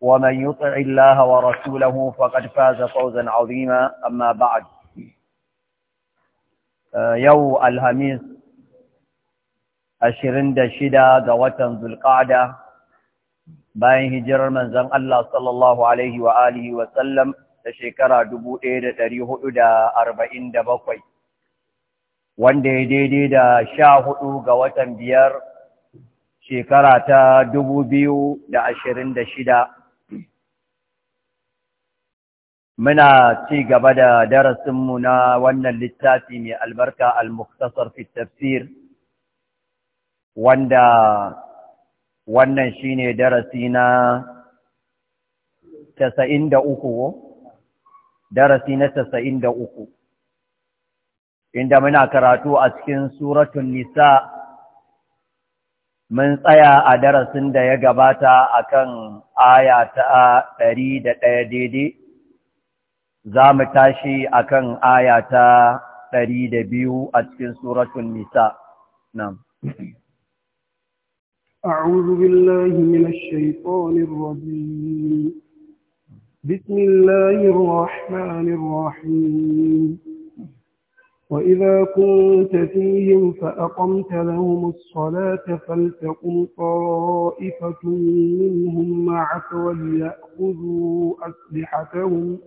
ومن يطع الله ورسوله فقد فاز فوزا عظيما أما بعد يو الهميس أشرين دشدا دوة ذو القعدة باين هجر من زن الله صلى الله عليه وآله وسلم تشكرا دبو إيد تريه إدا أربعين دبقوي wanda ya daidai da sha hudu ga watan biyar shekara ta dubu biyu da ashirin da shida muna ci gaba da darasinmu na wannan littafi mai albarka al-muktasar fi tafsir wanda wannan shine darasi na 93 darasi na uku inda muna karatu a cikin suratun nisa mun tsaya a darasin da ya gabata a akan aya ta ɗaya daidai za mu tashi a kan aya ta ɗari da biyu a cikin suratun nisa nan. أعوذ بالله من الشيطان الرجيم بسم الله الرحمن الرحيم وإذا كنت فيهم فأقمت لهم الصلاة فلتقم طائفة منهم معك وليأخذوا أسلحتهم ۖ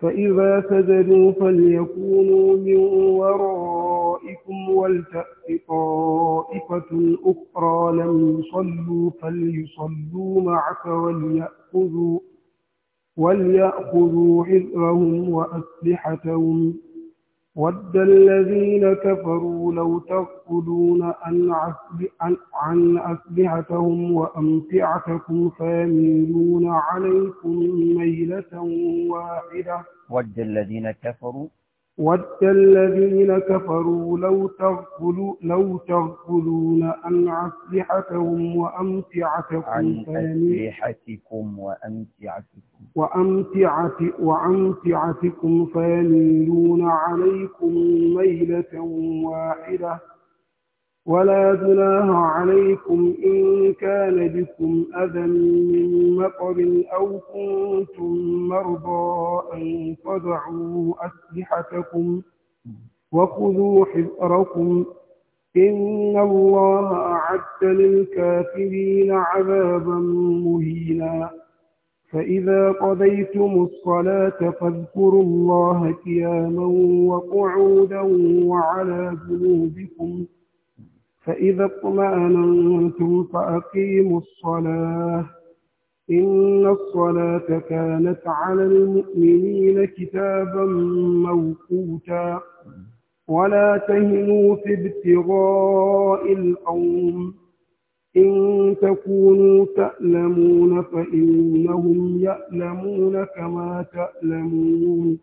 فإذا سجدوا فليكونوا من ورائكم ولتأت طائفة أخرى لم يصلوا فليصلوا معك وليأخذوا وليأخذوا حذرهم وأسلحتهم ود الذين كفروا لو تفقدون عن أسلحتهم وأمتعتكم فيميلون عليكم ميلة واحدة ود الذين كفروا ود الذين كفروا لو تغفلوا لو تغفلون عن أسلحتهم وأمتعتكم عن أسلحتكم وأمتعتكم وأمتعة وأمتعتكم فيميلون عليكم ميلة واحدة ولا جناح عليكم إن كان بكم أذى من مطر أو كنتم مرضى أن تضعوا أسلحتكم وخذوا حذركم إن الله أعد للكافرين عذابا مهينا فإذا قضيتم الصلاة فاذكروا الله قياما وقعودا وعلى جنوبكم ۖ فإذا اطمأننتم فأقيموا الصلاة إن الصلاة كانت على المؤمنين كتابا موقوتا ولا تهنوا في ابتغاء القوم إن تكونوا تألمون فإنهم يألمون كما تألمون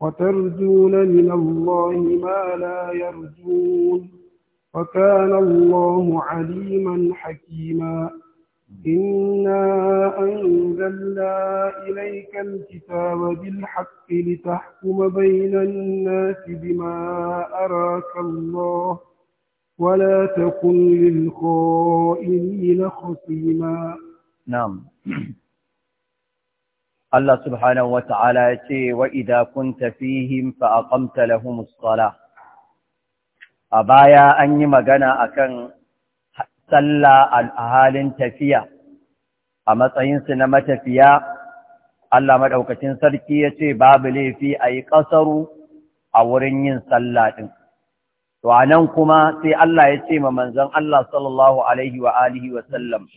وترجون من الله ما لا يرجون وكان الله عليما حكيما إنا أنزلنا إليك الكتاب بالحق لتحكم بين الناس بما أراك الله ولا تكن للخائنين خصيما نعم الله سبحانه وتعالى وإذا كنت فيهم فأقمت لهم الصلاة a baya an yi magana akan sallah a halin tafiya a matsayinsu na matafiya Allah maɗaukacin sarki ya ce babu laifi a yi ƙasaru a wurin yin sallah ɗin. To a nan kuma sai Allah ya ce ma manzon Allah sallallahu Alaihi wa alihi wasallam,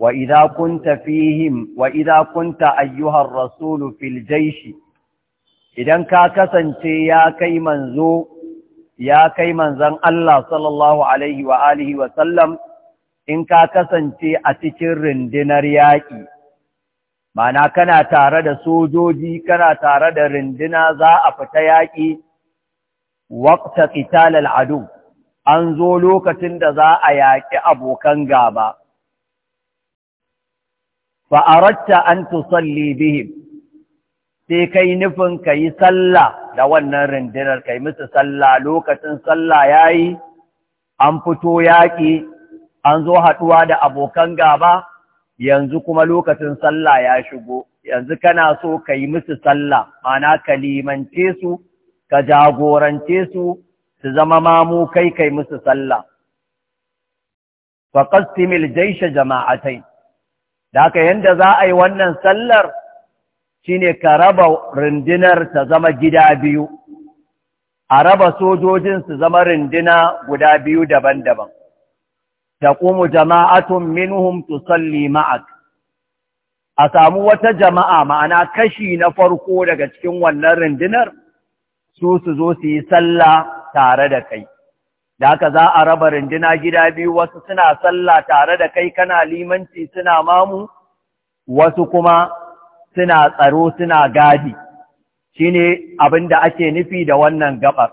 wa idha kunta fihim wa idha kunta ayyuhar rasulu fil jaishi, idan ka kasance ya kai manzo ya kai manzan Allah sallallahu Alaihi wa alihi in ka kasance a cikin rindinar yaƙi, mana kana tare da sojoji, kana tare da rindina za a fita yaƙi, waƙta ƙitalal al’adu, an zo lokacin da za a yaƙi abokan gaba. Fa'aratta an tusalli bihim, sai kai nufin ka yi sallah da wannan rindinar kai musu sallah lokacin sallah yayi an fito yaki, an zo haɗuwa da abokan gaba yanzu kuma lokacin sallah ya shigo yanzu kana so kai musu sallah mana ka limance su ka jagorance su su zama mamu kai kai musu sallah faqasimil qasimil jaysha jama'atai da ka yanda za a yi wannan sallar shine ka raba rundunar ta zama gida biyu a raba sojojin su zama runduna guda biyu daban-daban taqumu jama'atun minhum tusalli ma'ak a samu wata jama'a ma'ana kashi na farko daga cikin wannan rundunar su su zo su yi sallah tare da kai da haka za a raba runduna gida biyu wasu suna sallah tare da kai kana limanci suna mamu wasu kuma suna tsaro suna gadi shine abin da ake nufi da wannan gabar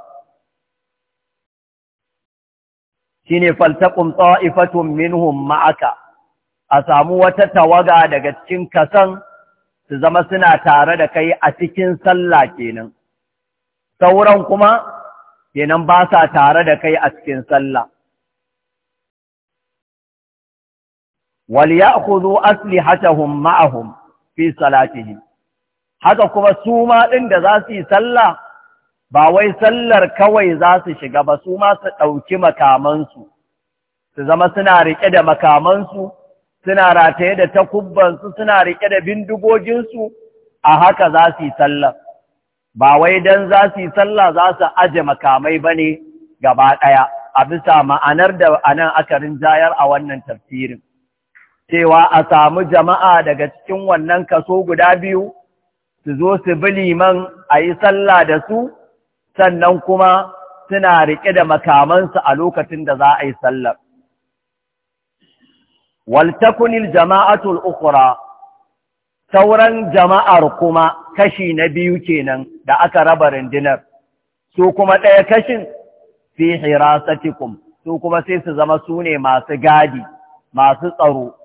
shine faltaqum ta'ifatun minhum ma'aka a samu wata tawaga daga cikin kasan su zama suna tare da kai a cikin sallah kenan sauran kuma kenan ba sa tare da kai a cikin sallah wal ya'khudhu aslihatahum ma'ahum fi salatihi haka kuma su ma ɗin da za su yi sallah ba wai sallar kawai za su shiga ba su ma su ɗauki makamansu su zama suna riƙe da makamansu suna rataye da takubbansu suna riƙe da bindigoginsu a haka za su yi sallah ba wai don za su yi sallah za su aje makamai ba ne gaba ɗaya a bisa ma'anar da anan aka rinjayar a wannan tafsirin cewa a samu jama'a daga cikin wannan kaso guda biyu su zo su bi liman a yi sallah da su sannan kuma suna riƙe da makamansu a lokacin da za a yi sallar. Waltakunil jama'atul ukura, sauran jama'ar kuma kashi na biyu kenan da aka raba rundunar, su kuma ɗaya kashin fi hirasatikum, su kuma sai su zama su ne masu gadi, masu tsaro.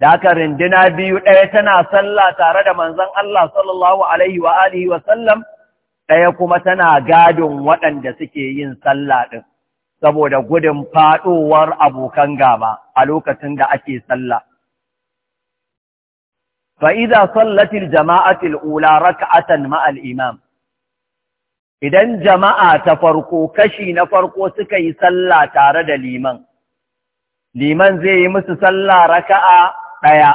da aka rindina biyu ɗaya tana sallah tare da manzan Allah sallallahu alaihi wa alihi wa sallam ɗaya kuma tana gadon waɗanda suke yin sallah ɗin saboda gudun faɗowar abokan gaba a lokacin da ake sallah Fa'iza sallatil jama'atil ula raka'atan ma'al imam idan jama'a ta farko kashi na farko suka yi sallah tare da liman liman zai yi musu sallah raka'a ɗaya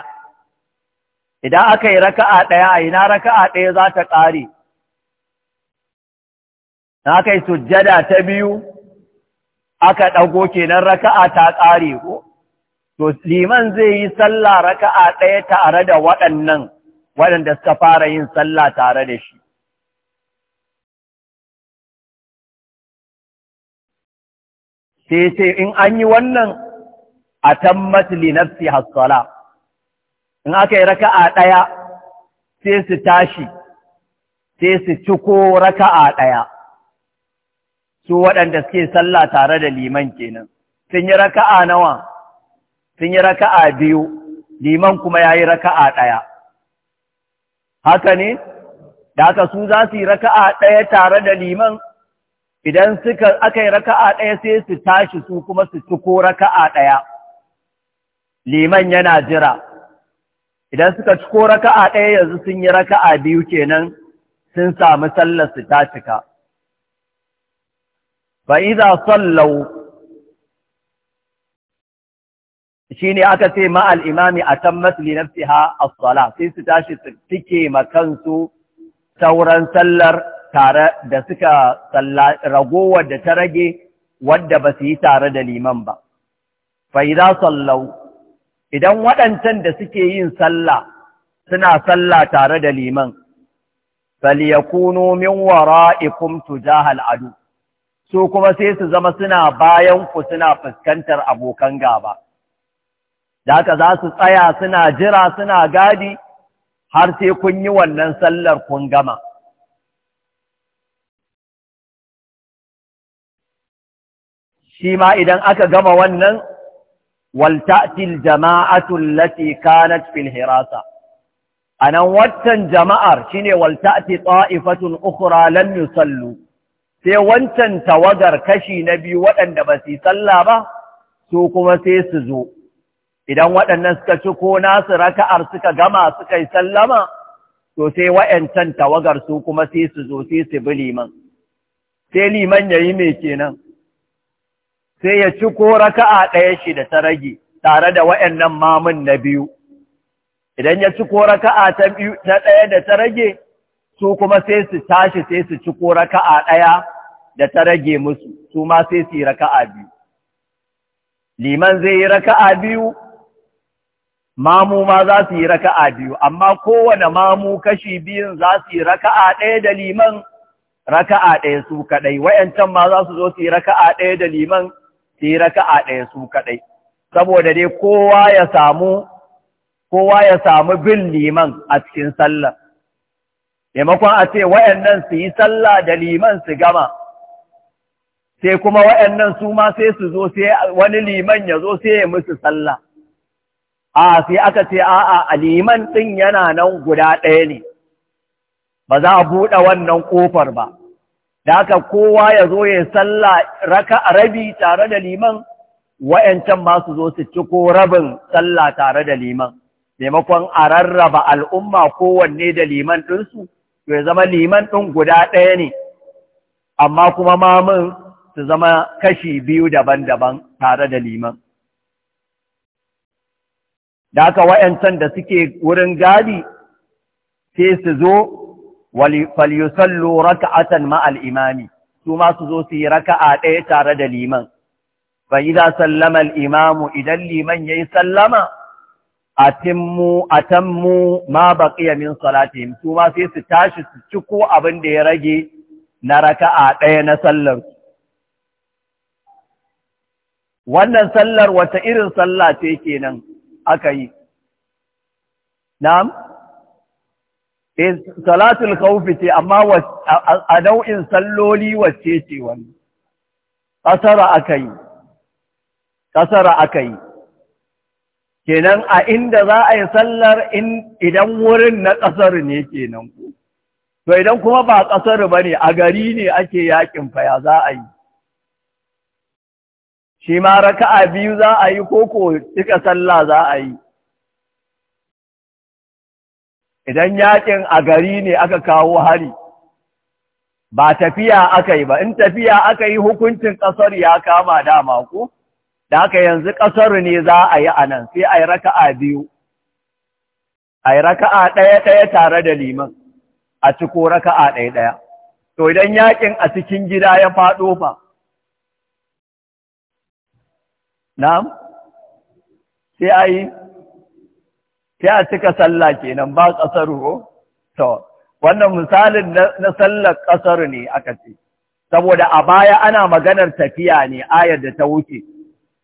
idan aka yi raka'a ɗaya a ina raka'a ɗaya za ta ƙare na aka yi sujjada ta biyu aka ɗago kenan raka'a ta ƙare ko to liman zai yi sallah raka'a ɗaya tare da waɗannan waɗanda suka fara yin sallah tare da shi sai sai in an yi wannan a tammat li nafsi hassala in aka yi raka'a ɗaya sai su tashi sai su ciko raka'a ɗaya su waɗanda suke sallah tare da liman kenan sun yi raka'a nawa sun yi raka'a biyu liman kuma ya yi raka'a ɗaya haka ne da haka su za su yi raka'a ɗaya tare da liman idan suka aka yi raka'a ɗaya sai su tashi su kuma su ciko raka'a ɗaya liman yana jira idan suka ciko raka'a ɗaya yanzu sun yi raka'a biyu kenan sun samu sallarsu ta cika fa idza sallau shine aka ce ma al-imami atammat li nafsiha as-salah sai su tashi su makan su sauran sallar tare da suka ragowar da ta rage wadda ba su yi tare da liman ba fa idza sallau idan waɗancan da suke yin sallah suna sallah tare da liman falyakunu min wara'ikum tujahal adu su kuma sai su zama suna bayan ku suna fuskantar abokan gaba da aka za su tsaya suna jira suna gadi har sai kun yi wannan sallar kun gama shi ma idan aka gama wannan walta'ti aljama'atu allati kanat fil hirasa anan waccan jama'ar shine walta'ti ta'ifatun ukhra lam yusallu sai wancan tawagar kashi na biyu waɗanda ba su sallah ba su kuma sai su zo idan waɗannan suka ci ko nasu raka'ar suka gama suka yi sallama sosai sai wa'yancan tawagar su kuma sai su zo sai su bi liman sai liman ya yi mai kenan sai ya ci ko raka'a ɗaya shi da ta rage tare da waɗannan mamun na biyu idan ya ci ko raka'a ta ta ɗaya da ta rage su kuma sai su tashi sai su ci ko raka'a ɗaya da ta rage musu su ma sai su yi raka'a biyu liman zai yi raka'a biyu mamu ma za su yi raka'a biyu amma kowane mamu kashi biyun za su yi raka'a ɗaya da liman raka'a ɗaya su kaɗai wayancan ma za su zo su yi raka'a ɗaya da liman su yi raka'a ɗaya su kaɗai saboda dai kowa ya samu kowa ya samu bin liman a cikin sallah maimakon a ce wayannan su yi sallah da liman su gama sai kuma wayannan su ma sai su zo sai wani liman ya zo sai ya musu sallah a sai aka ce a'a a liman ɗin yana nan guda ɗaya ne ba za a buɗe wannan ƙofar ba da haka kowa ya zo ya salla raka rabi tare da liman wa'yancan ma su zo su ciko rabin salla tare da liman maimakon a rarraba al'umma kowanne da liman ɗinsu to ya zama liman ɗin guda ɗaya ne amma kuma ma mamun su zama kashi biyu daban-daban tare da liman da haka wa'yancan da suke wurin gadi sai su zo falyusallu raka'atan ma'al imami su ma su zo su yi raka'a ɗaya tare da liman fa idza sallama al imamu idan liman yayi sallama atimmu atammu ma baqiya min salatihim su ma sai su tashi su ciko abin da ya rage na raka'a ɗaya na sallar wannan sallar wata irin sallah ce kenan aka yi na'am eh salatul khawfi ce amma a nau'in salloli wacce ce wani kasara akai kasara akai kenan a inda za a yi sallar idan wurin na ƙasar ne kenan ku to idan kuma ba kasar ne, a gari ne ake yakin faya za a yi shi ma raka'a biyu za a yi koko cika sallah za a yi idan yakin a gari ne aka kawo hari ba tafiya aka yi ba in tafiya aka yi hukuncin ƙasar ya kama dama ku da haka yanzu ƙasar ne za a yi a nan sai a yi raka'a biyu a yi raka'a ɗaya-ɗaya tare da liman a ciko raka'a ɗaya-ɗaya to idan yakin a cikin gida ya faɗo fa na'am sai a yi sai a cika sallah kenan ba ƙasaru ko to wannan misalin na sallar ƙasaru ne aka ce saboda a baya ana maganar tafiya ne ayar da ta wuce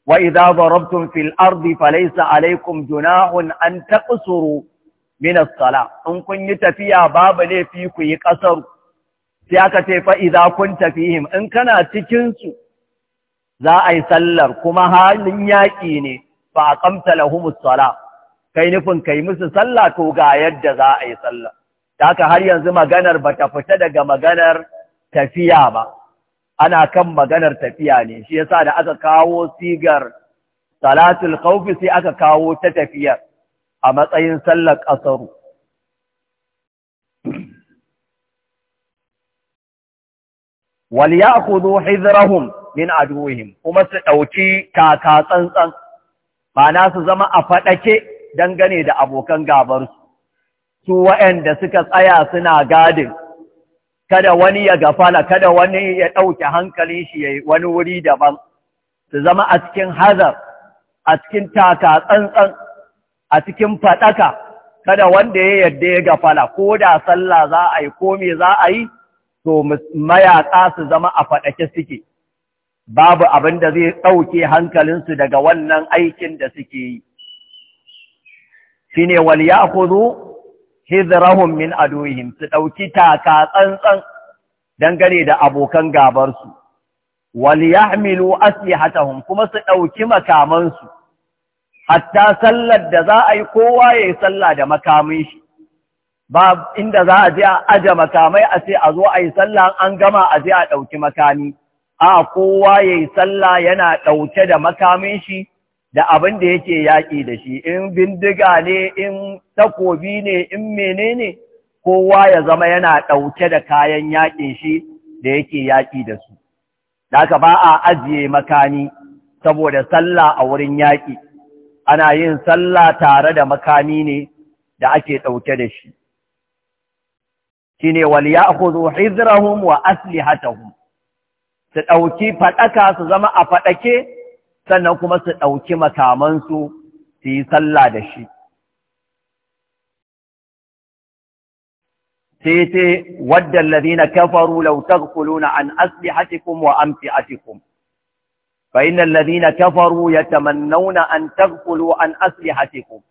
wa idza darabtum fil ardi falaysa alaykum junahun an taqsuru min as-salah in kun yi tafiya babu laifi ku yi ƙasaru sai aka ce fa idza kunta fihim in kana cikin su za a yi sallar kuma halin yaƙi ne fa aqamta lahumus salah kai nufin kai musu sallah to ga yadda za a yi sallah haka har yanzu maganar ba ta fita daga maganar tafiya ba ana kan maganar tafiya ne shi yasa da aka kawo sigar salatul khawfi sai aka kawo ta tafiyar a matsayin sallar ƙasaru wal ya'khudhu hizrahum min aduwihim kuma su ɗauki kaka tsantsan na su zama a faɗake dangane da abokan gabarsu, su waɗanda suka tsaya suna gadin, kada wani ya gafala, kada wani ya ɗauke hankalin shi ya yi wani wuri daban, su zama a cikin hazar, a cikin taka tsantsan, a cikin faɗaka, kada wanda ya yarda ya gafala, ko da sallah za a yi, ko me za a yi, to mayaƙa su zama a faɗake suke. babu abin da zai ɗauke hankalinsu daga wannan aikin da suke yi. shine wal ya'khudhu hizirahun min aduwihim su ɗauki taka tsantsan dangane da abokan gabarsu wal yahmilu aslihatahum kuma su ɗauki makamansu hatta sallar da za a yi kowa ya yi sallah da makamin shi ba inda za a je a aje makamai a ce a zo a yi sallah an gama a je a ɗauki makami a kowa ya yi sallah yana ɗauke da makamin shi da abin da yake yaƙi da shi in bindiga ne in takobi ne in menene kowa ya zama yana ɗauke da kayan yaƙin shi da yake yaƙi da su Daka ba a ajiye makani saboda sallah a wurin yaƙi ana yin sallah tare da makani ne da ake ɗauke da shi shine wal ya'khudhu hizrahum wa aslihatahum su ɗauki faɗaka su zama a faɗake sannan kuma su ɗauki makamansu su yi sallah da shi. Sai ce, wadda lalina kafaru lautar kuluna an asli hatikun wa amfi hatikun, fa'inan lalina kafaru ya tamannauna an tarkulu an asli hatikun,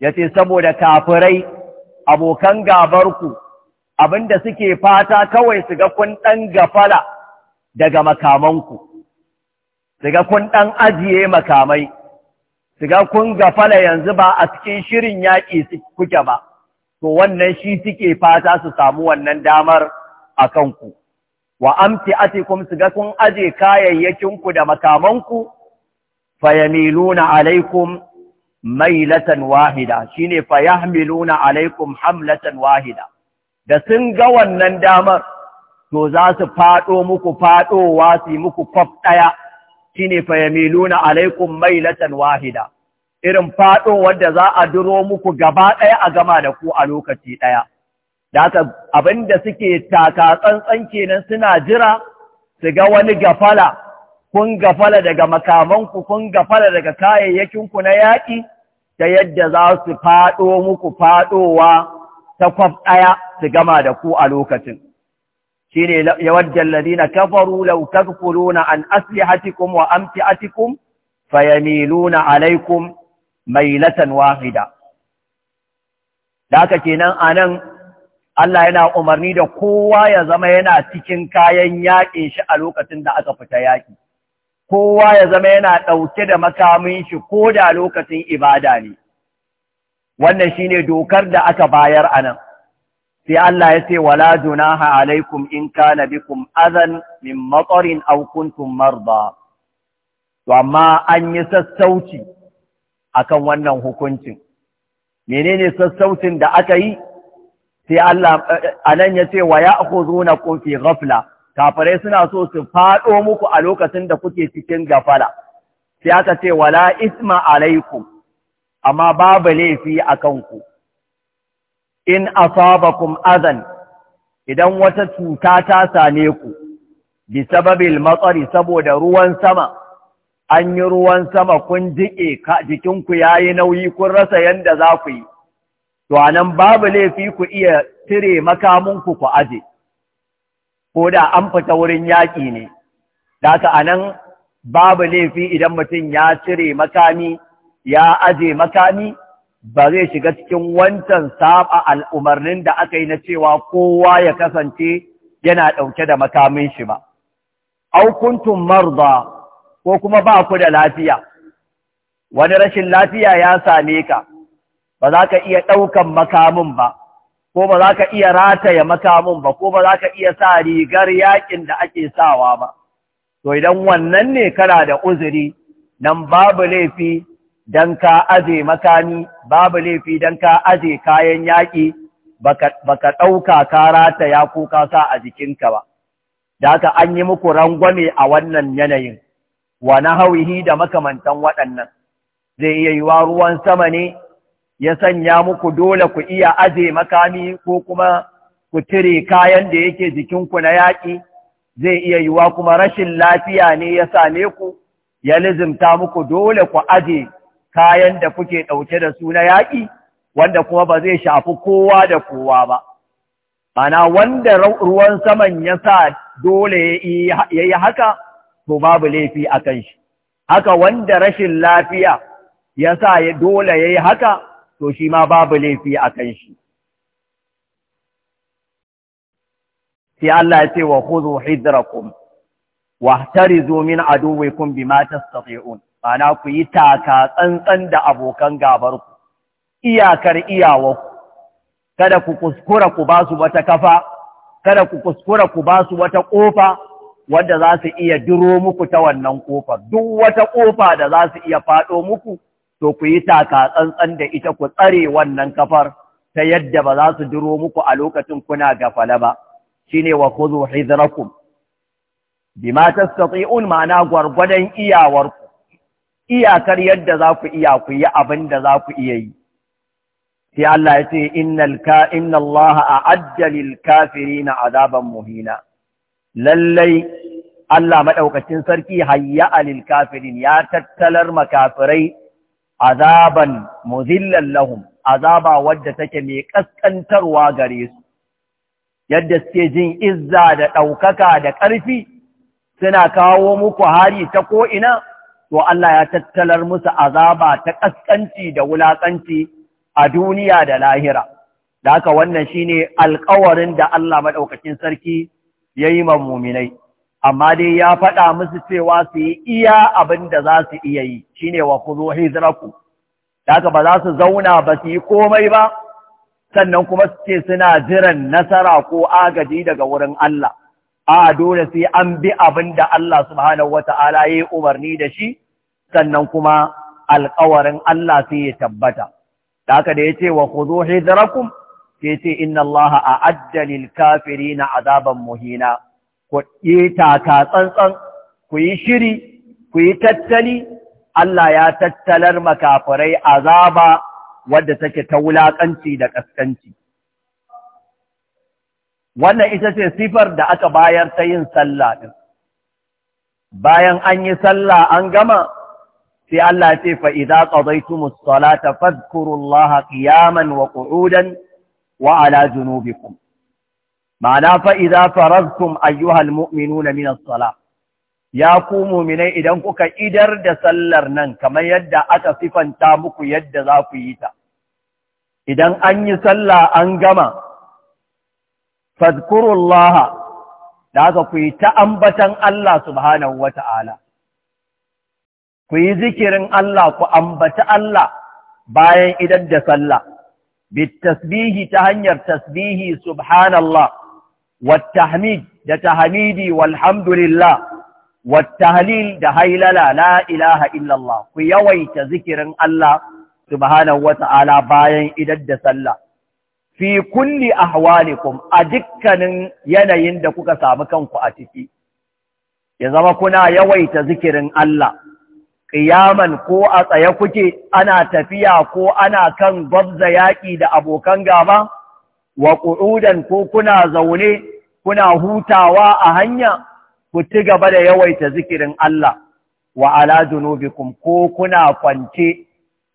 ya ce, saboda kafirai abokan gabarku abinda suke fata kawai su ga kun ɗan gafala daga makamanku. Siga kun ɗan ajiye makamai siga kun gafala yanzu ba a cikin shirin yaƙi kuke ba to wannan shi suke fata su samu wannan damar a kanku wa amti atikum su siga kun aje kayayyakinku da makamanku fayamiluna alaikum mailatan wahida shine fayahmiluna alaikum hamlatan wahida da sun ga wannan damar to za su faɗo muku faɗowa su yi muku kwaf ɗaya shine fayamiluna alaikum mailatan wahida irin fado wanda za a duro muku gaba ɗaya a gama da ku a lokaci ɗaya. da abinda suke taka tsantsan kenan suna jira su ga wani gafala kun gafala daga makamanku kun gafala daga kayayyakinku na yaƙi ta yadda za su faɗo muku faɗowa ta kwaf ɗaya su gama da ku a lokacin shine yawadda ladina kafaru law takfuruna an aslihatikum wa amtiatikum fayamiluna alaikum mailatan wahida haka kenan anan Allah yana umarni da kowa ya zama yana cikin kayan yaƙin shi a lokacin da aka fita yaƙi kowa ya zama yana ɗauke da makamin shi ko da lokacin ibada ne wannan shine dokar da aka bayar anan sai Allah ya ce wala junaha alaikum in kana bikum adan min matarin aw kuntum marda to amma an yi sassauci akan wannan hukuncin menene sassaucin da aka yi sai Allah eh, anan ya ce wa ya'khuzunakum fi ghafla kafirai suna so su fado muku a lokacin da kuke cikin gafala sai aka ce wala isma alaikum amma babu laifi akan ku in asabakum adan idan wata cuta ta same ku bi sababil matsari saboda ruwan sama an yi ruwan sama kun jike jikinku yayi nauyi kun rasa yanda za ku yi to anan babu laifi ku iya cire makamunku ku aje ko da an fita wurin yaƙi ne daga haka anan babu laifi idan mutum ya cire makami ya aje makami ba zai shiga cikin wancan saba al'umarnin da aka yi na cewa kowa ya kasance yana ɗauke da makamin shi ba. Aukuntun marza ko kuma ba ku da lafiya, wani rashin lafiya ya same ka, ba za ka iya ɗaukan makamin ba, ko ba za ka iya rataya makamin ba, ko ba za ka iya sa rigar yaƙin da ake sawa ba. To idan wannan ne kana da uzuri, nan babu laifi don ka aje makami babu laifi don ka aje kayan yaƙi ba ka ɗauka karataya ta ko ka sa a jikinka ba. Da ka an yi muku rangwame a wannan yanayin, wa na hauhi da makamantan waɗannan. Zai iya yiwa ruwan sama ne ya sanya muku dole ku iya aje makami ko kuma ku cire kayan da yake jikinku na yaƙi, zai iya yiwa kuma rashin lafiya ne ya same ku, ya lizimta muku dole ku aje kayan da kuke ɗauke da su na yaƙi wanda kuma ba zai shafi kowa da kowa ba mana wanda ruwan saman ya sa dole ya yi haka to babu laifi a kan shi haka wanda rashin lafiya ya sa dole ya yi haka to shi ma babu laifi a kan shi sai Allah ya ce wa zomin hidrakum wahtarizu min aduwikum bima tastati'un Mana ku yi taka tsantsan da abokan gabarku, iyakar iyawarku, kada ku kuskura ku ba su wata kafa, kada ku kuskura ku ba su wata ƙofa wadda za su iya duro muku ta wannan ƙofar. Duk wata ƙofa da za su iya faɗo muku, to ku yi taka tsantsan da ita ku tsare wannan kafar ta yadda ba za su duro muku a lokacin kuna gafala ba. Shi ne wa kuzu hidrakum. Bima un ma'ana gwargwadon iyawarku. iyakar yadda za ku iya ku yi abin da za ku iya yi sai Allah ya ce inna Allah a ajjalil kafiri na azaban muhina lallai Allah maɗaukacin sarki hayya alil kafirin ya tattalar makafirai azaban muzillan lahum azaba wadda take mai ƙasƙantarwa gare su yadda suke jin izza da ɗaukaka da ƙarfi suna kawo muku hari ta ko'ina to Allah ya tattalar musu azaba ta ƙasƙanci da wulaƙanci a duniya da lahira. Da haka wannan shine alƙawarin da Allah maɗaukacin sarki ya yi muminai. amma dai ya faɗa musu cewa su yi iya abin da za su iya yi, shine wa ku zo hijiraku. Da haka ba za su zauna ba su yi komai ba, sannan kuma su ce suna jiran nasara ko agaji daga wurin Allah. a dole sai an bi abin da Allah subhanahu wata'ala ya yi umarni da shi sannan kuma alƙawarin Allah sai ya tabbata da haka da ya ce wa kuzo hidrakum Ke ce inna Allah a'adda kafirina azaban muhina ku yi taka tsantsan ku yi shiri ku yi tattali Allah ya tattalar makafirai azaba wadda take ta wulaƙanci da ƙasƙanci wannan ita ce sifar da aka bayar ta yin sallah ɗin bayan an yi sallah an gama sai Allah ce fa idza qadaytumus salata fadhkurullaha qiyaman wa qu'udan wa ala junubikum ma'ana fa idza faradtum ayyuhal mu'minuna min as-salah ya ku mu'minai idan kuka idar da sallar nan kamar yadda aka sifanta muku yadda za ku yi ta idan an yi sallah an gama fadkurullaha da kuyi ku yi ta ambatan Allah subhanahu wata'ala ku yi zikirin Allah ku ambata Allah bayan idan da sallah tasbihi ta hanyar tasbihi subhanallah wattahmid da tahmidi walhamdulillah wattahlil da hailala la ilaha illallah ku yawaita zikirin Allah subhanahu wata'ala bayan idan da sallah fi kulli ahwalikum a dukkanin yanayin da kuka samu kanku a ciki ya zama kuna yawaita zikirin Allah ƙiyaman ko a tsaye kuke ana tafiya ko ana kan gwabza yaƙi da abokan gaba wa ƙu'udan ko kuna zaune kuna hutawa a hanya ku ci gaba da yawaita zikirin Allah wa ala junubikum ko kuna kwance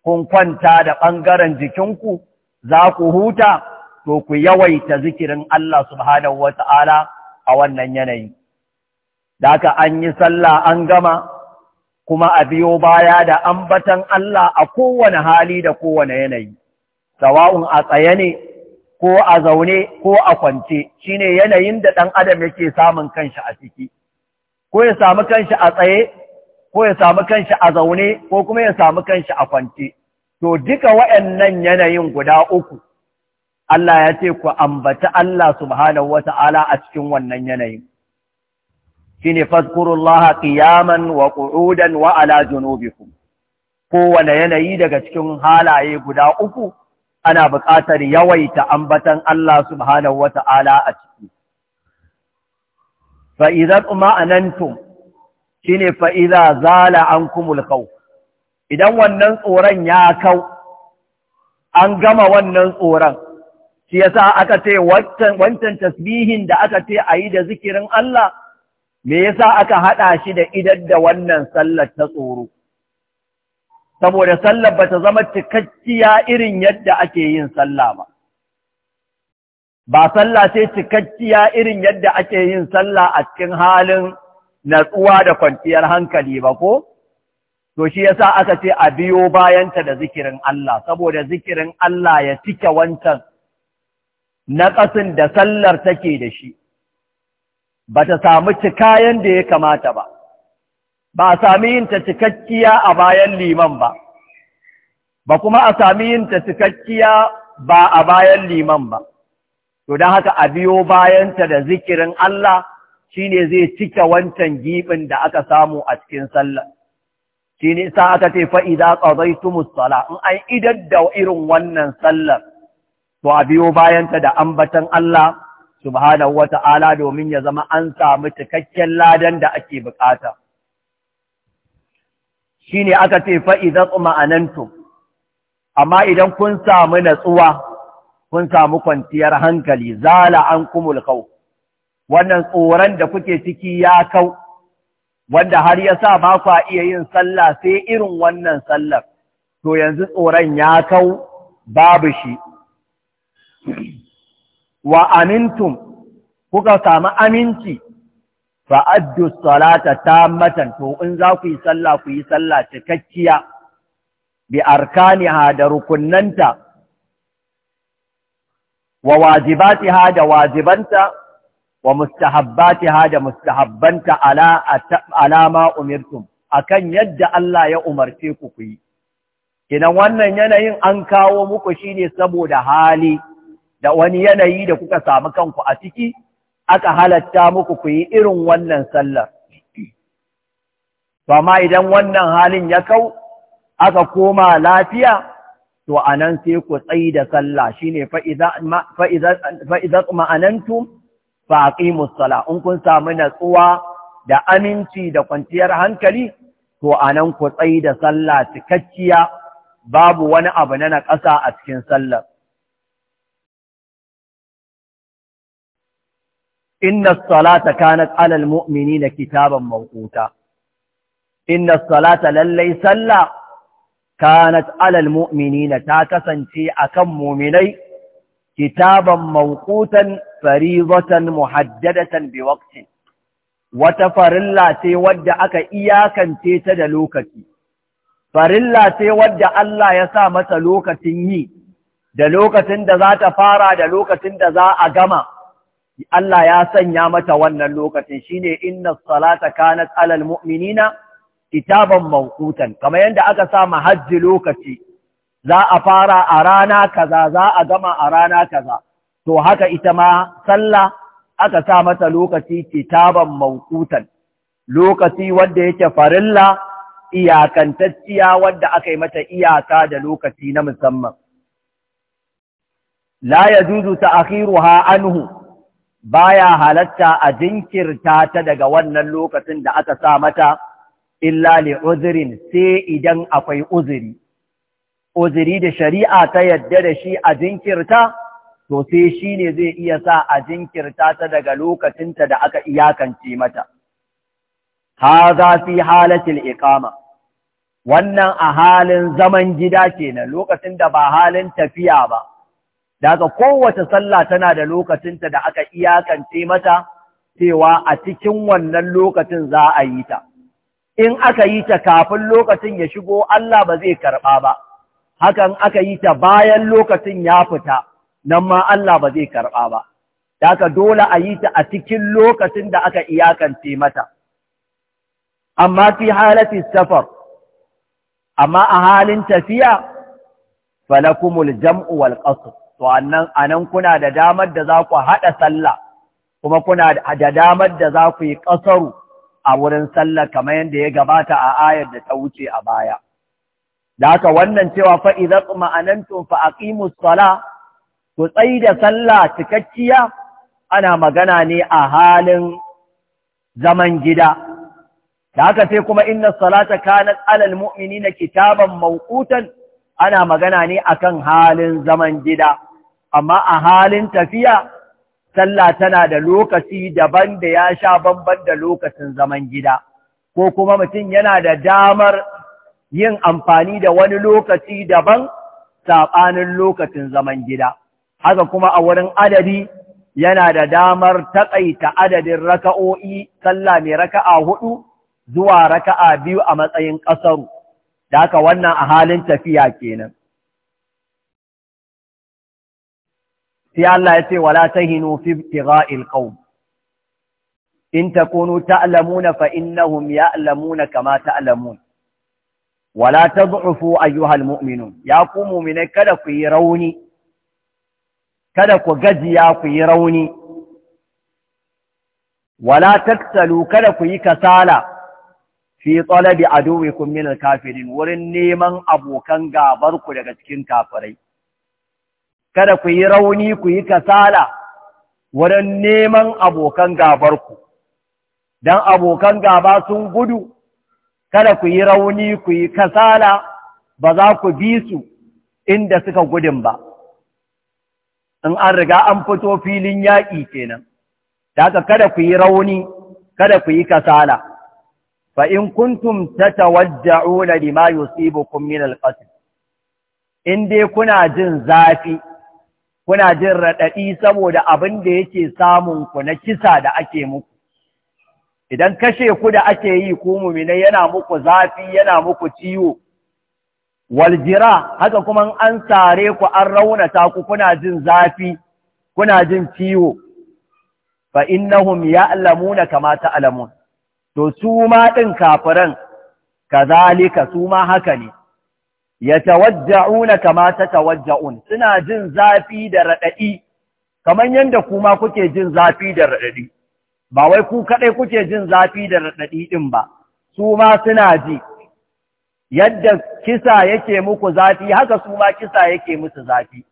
kun kwanta da ɓangaren jikinku za ku huta to ku yawaita zikirin Allah subhanahu wa Ta'ala a wannan yanayi daka an yi sallah an gama kuma a biyo baya da ambatan Allah a kowane hali da kowane yanayi sawa'un a tsaye ne ko a zaune ko a kwance shine yanayin da ɗan adam yake samun kanshi a ciki ko ya samu kanshi a tsaye ko ya samu kanshi a zaune ko kuma ya samu kanshi a kwance To duka waɗannan yanayin guda uku, Allah ya ce ku ambata Allah subhanahu wa ta'ala a cikin wannan yanayin. Shi ne fazkurullaha ƙiyaman wa ƙu'udan wa ala junubikum. Kowane yanayi daga cikin halaye guda uku, ana buƙatar yawaita ambatan Allah subhanahu wa ta'ala a ciki. Fa'izar ma'anantum shi ne fa'iza zala an kumul idan wannan tsoron ya kau an gama wannan tsoron shi yasa aka ce wancan tasbihin da aka ce a yi da zikirin Allah me yasa aka haɗa shi da idar da wannan sallar ta tsoro saboda sallar ba ta zama cikakkiya irin yadda ake yin sallah ba ba sallah sai cikakkiya irin yadda ake yin sallah a cikin halin natsuwa da kwanciyar hankali ba ko to shi yasa aka ce a biyo bayanta da zikirin Allah saboda zikirin Allah ya cike wancan na ƙasin da sallar take da shi ba ta samu cikayen da ya kamata ba ba a sami yin ta cikakkiya a bayan liman ba ba kuma a sami yin ta cikakkiya ba a bayan liman ba to don haka a biyo bayanta da zikirin Allah shine zai cike wancan gibin da aka samu a cikin sallar shi ne sa aka ce fa'iza ƙazaitu musala. in an idar da irin wannan sallar to a biyo bayanta da ambatan Allah subhanahu wa ta'ala domin ya zama an samu cikakken ladan da ake bukata. Shi ne aka ce fa'iza ma’anantu amma idan kun samu natsuwa, kun samu kwanciyar hankali, zala an kumul kau, wannan tsoron da kuke ciki ya kau. wanda har ya sa ba kwa iya yin sallah sai irin wannan sallar, to yanzu tsoron ya kau babu shi. Wa amintum, kuka sami aminci, fa'addu salata ta matan, to in za ku yi sallah ku yi sallah cikakkiya, bi arkaniha da rukunanta, wa ha da wajibanta, wa mustahabbatiha da mustahabbanta ala alama umirtum akan yadda Allah ya umarce ku ku yi wannan yanayin an kawo muku shine saboda hali da wani yanayi da kuka samu kanku a ciki aka halatta muku ku yi irin wannan sallar to amma idan wannan halin ya kau aka koma lafiya to anan sai ku tsayi da sallah shine fa idza fa idza fa musala, in kun samu natsuwa da aminci da kwanciyar hankali to anan ku tsayi da sallah cikakkiya babu wani abu na naƙasa a cikin sallar inna salata kanat alal mu'minina kitaban mawquta inna salata lallai sallah kanat alal ta kasance a kan mu'minai kitaban mawqutan faridatan muhaddadatan bi waqtin wata farilla ce wadda aka iyakance ta da lokaci farilla ce wadda Allah ya sa mata lokacin yi da lokacin da za ta fara da lokacin da za a gama Allah ya sanya mata wannan lokacin shine inna salata kanat alal mu'minina kitaban mawqutan kamar yadda aka sa mahajji lokaci za a fara a rana kaza za a gama a rana kaza to haka ita ma sallah aka sa mata lokaci taban mawqutan lokaci wanda yake farilla iyakantacciya wanda aka yi mata iyaka da lokaci na musamman la yajuzu ta'khiruha anhu baya halatta a jinkirta ta daga wannan lokacin da aka sa mata illa li sai idan akwai uzuri uzuri da shari'a ta yadda da shi a jinkirta to sai shi ne zai iya sa a jinkirta ta daga lokacinta da aka iyakance mata haza fi halatil ikama. wannan a halin zaman gida kenan lokacin da ba halin tafiya ba daga kowace sallah tana da lokacinta da aka iyakance mata cewa a cikin wannan lokacin za a yi ta in aka yi ta kafin lokacin ya shigo Allah ba zai karɓa ba hakan aka yi ta bayan lokacin ya fita nan ma Allah ba zai karɓa ba daka dole a yi ta a cikin lokacin da aka iyakance mata amma fi halati safar amma a halin tafiya falakumul jam'u wal to annan anan kuna da damar da za ku haɗa sallah kuma kuna da damar da za ku yi ƙasaru a wurin sallah kamar yadda ya gabata a ayar da ta wuce a baya da haka wannan cewa fa idza ma'anantum fa aqimus sala ku da sallah cikakkiya ana magana ne a halin zaman gida da haka sai kuma inna salata kanat alal na kitaban mawqutan ana magana ne akan halin zaman gida amma a halin tafiya sallah tana da lokaci daban da ya sha bambam da lokacin zaman gida ko kuma mutum yana da damar yin amfani da wani lokaci daban saɓanin lokacin zaman gida. Haka kuma a wurin adadi yana da damar taƙaita adadin raka'o'i, sallah mai raka'a hudu zuwa raka'a biyu a matsayin ƙasaru, da haka wannan a halin tafiya kenan. Sai Allah ya ce, Wala ta hinu fi tira'il in ta kunu ta'alamuna fa'in nahum ya'alamuna kama ta’alamuna. wala tad'ufu ayyuhal muminu ya ku mu'minai kada ku yi rauni kada ku gajiya ku yi rauni wala taktalu kada ku yi kasala fi talabi aduwikum min al-kafirin wurin neman abokan gabar ku daga cikin kafirai kada ku yi rauni ku yi kasala wurin neman abokan gabar ku dan abokan gaba sun gudu kada ku yi rauni ku yi kasala ba za ku bi su inda suka gudun ba in an riga an fito filin yaƙi kenan daga kada ku yi rauni kada ku yi kasala fa in kuntum tatawajja'una lima yusibukum min al-qatl in dai kuna jin zafi kuna jin raɗaɗi saboda abin da yake samun ku na kisa da ake muku idan kashe ku da ake yi ku muminai yana muku zafi yana muku ciwo waljira haka kuma an sare ku an raunata ku kuna jin zafi kuna jin ciwo fa innahum ya'lamuna kama ta'lamun to su ma din kafiran kazalika su ma haka ne yatawajja'una kama tatawajja'un suna jin zafi da radadi kaman yanda kuma kuke jin zafi da radadi ba wai ku kaɗai kuke jin zafi da raɗaɗi ɗin ba, su ma suna ji, yadda kisa yake muku zafi, haka su ma kisa yake musu zafi,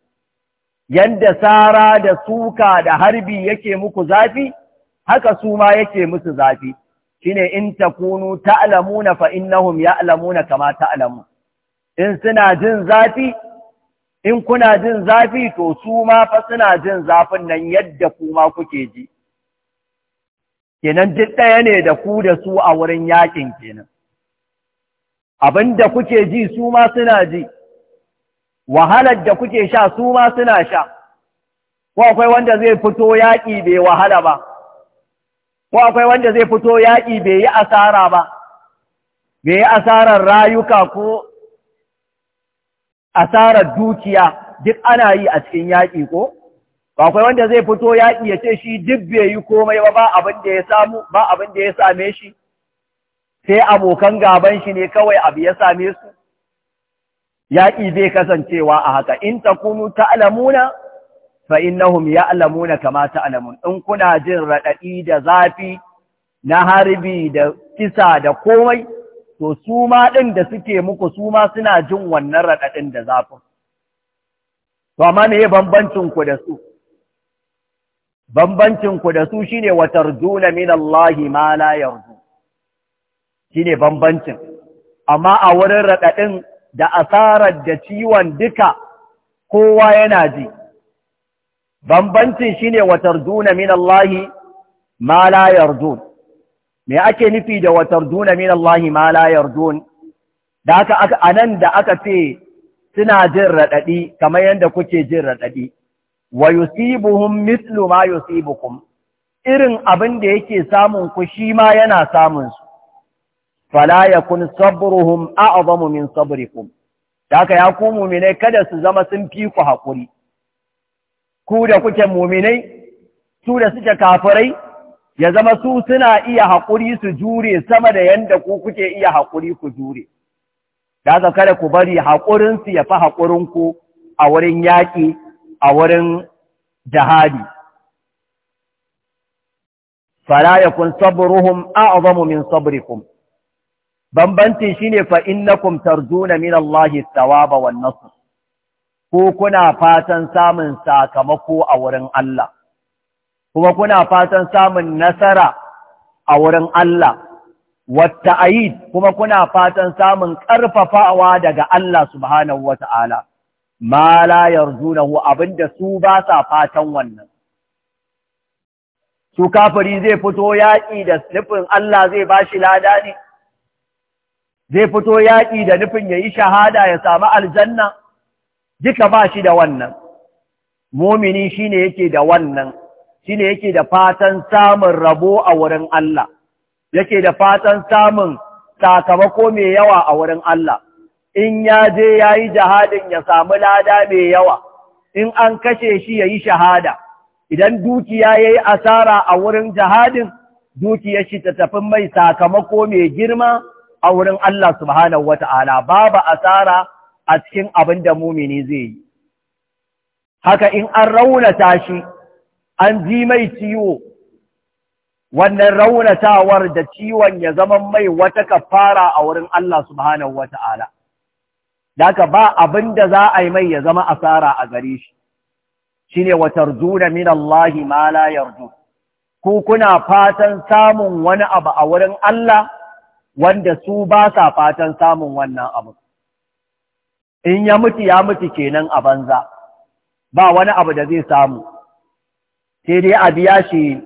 yadda sara da suka da harbi yake muku zafi, haka su ma yake musu zafi, shi ne in ta kunu ta'alamu ta'alamuna fa'innahum na kama ta'alamu, in suna jin zafi, in kuna jin zafi to su ma fa suna jin zafin nan yadda kuma kuke ji. kenan duk ɗaya ne da ku da su a wurin yakin kenan abin da kuke ji su ma suna ji wahalar da kuke sha su ma suna sha ko akwai wanda zai fito yaƙi bai wahala ba ko akwai wanda zai fito yaƙi bai yi asara ba bai yi asarar rayuka ko asarar dukiya duk ana yi a cikin yaƙi ko ba akwai wanda zai fito yaƙi ya ce shi duk bai yi komai ba ba abin da ya samu ba abin da ya same shi sai abokan gaban shi ne kawai abu ya same su yaƙi zai kasancewa a haka in ta kunu takunu alamuna, fa innahum alamuna kama ta alamun. in kuna jin raɗaɗi da zafi na harbi da kisa da komai to su ma ɗin da suke muku su ma suna jin wannan raɗaɗin da zafin to amma me bambancin ku da su bambancin ku da su shine watarjuna min Allah ma la shine bambancin amma a wurin raɗaɗin da asarar da ciwon duka kowa yana ji bambancin shine watarjuna min Allah ma la yarju me ake nufi da watarjuna min Allah ma la yarju da aka da aka ce suna jin raɗaɗi kamar yadda kuke jin raɗaɗi wa yusibuhum mithlu ma yusibukum irin abin da yake samun ku shi ma yana samun su fala yakun sabruhum a'zamu min sabrikum haka ya ku mu'minai kada su zama sun fi ku hakuri ku da kuke mu'minai su da suke kafirai ya zama su suna iya haƙuri su jure sama da yanda ku kuke iya hakuri ku jure da kada ku bari su ya fi haƙurinku a wurin yaki? a wurin jihadi fala yakun sabruhum a'zamu min sabrikum bambanci shine fa innakum tarjuna min Allah thawaba wa nasu. ko kuna fatan samun sakamako a wurin Allah kuma kuna fatan samun nasara a wurin Allah wata kuma kuna fatan samun ƙarfafawa daga Allah subhanahu wata'ala ma la abin abinda su ba sa fatan wannan su kafiri zai fito yaƙi da nufin Allah zai ba shi lada ne zai fito yaƙi da nufin ya yi shahada ya sami aljanna duka ba shi da wannan momini shi ne yake da wannan shi yake da fatan samun rabo a wurin Allah yake da fatan samun sakamako mai yawa a wurin Allah in ya je ya yi jihadin ya samu lada mai yawa, in an kashe shi ya yi shahada, idan dukiya ya yi asara a wurin jihadin, dukiya shi ta tafi mai sakamako mai girma a wurin Allah subhanahu wa ta'ala, babu asara a cikin abin da mumini zai yi. Haka in an raunata shi, an ji mai ciwo, wannan raunatawar da ciwon ya zama mai wata kafara a wurin Allah subhanahu wa ta'ala. Daka ba abin da za a yi mai ya zama asara a gare shi, shi ne watar juna min Allahi ma la ku kuna fatan samun wani abu a wurin Allah wanda su ba sa fatan samun wannan abu. In ya mutu ya mutu kenan a banza, ba wani abu da zai samu, sai dai a biya shi